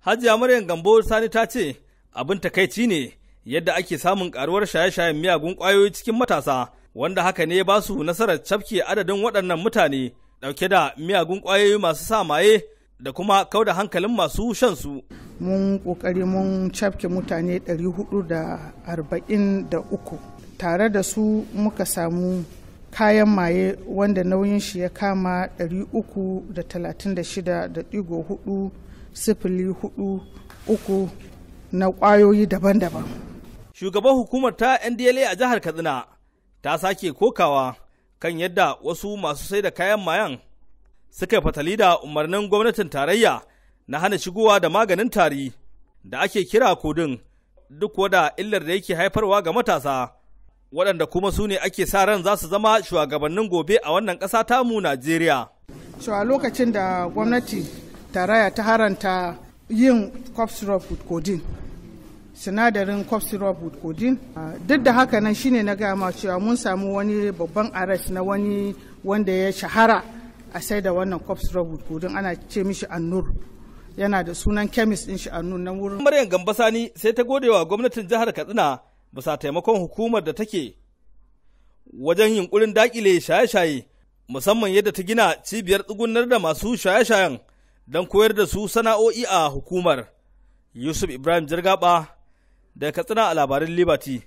Hajiya Maryam Gambo Sani ta ce abin takaici ne yadda ake samun karuwar shaye-shayen miyagun ƙwayoyi cikin matasa wanda haka ne ba su nasarar cafke adadin waɗannan mutane ɗauke da miyagun kwayoyi masu sa maye da kuma kau da hankalin masu shan su. Mun ƙoƙari mun cafke mutane 443 tare da su muka samu kayan maye wanda nauyin shi ya kama 336.4 sifili hudu uku na kwayoyi daban-daban. Shugaban hukumar ta NDLA a jihar Katsina ta sake kokawa kan yadda wasu masu sai da kayan mayan suka fatali da umarnin gwamnatin tarayya na hana shigowa da maganin tari da ake kira kudin duk wada illar da yake haifarwa ga matasa waɗanda kuma su ne ake sa ran za su zama shugabannin gobe a wannan ƙasa tamu Najeriya. Cewa lokacin da gwamnati taraya ta haranta yin cough syrup with codeine sinadarin cough syrup with codeine ah, duk da haka nan shine na gaya cewa mun samu wani babban arrest na wani wanda ya shahara a sai da wannan cough syrup with codeine ana ce mishi annur yana da sunan chemist din shi annur na wurin Maryam Gambasani sai ta gode wa gwamnatin jihar Katsina bisa taimakon hukumar da take wajen yunkurin dakile shaye-shaye musamman yadda ta gina cibiyar tsugunar da masu shaye-shayen don koyar da su sana'o'i a hukumar yusuf ibrahim jirgaba daga katsina a labarin liberty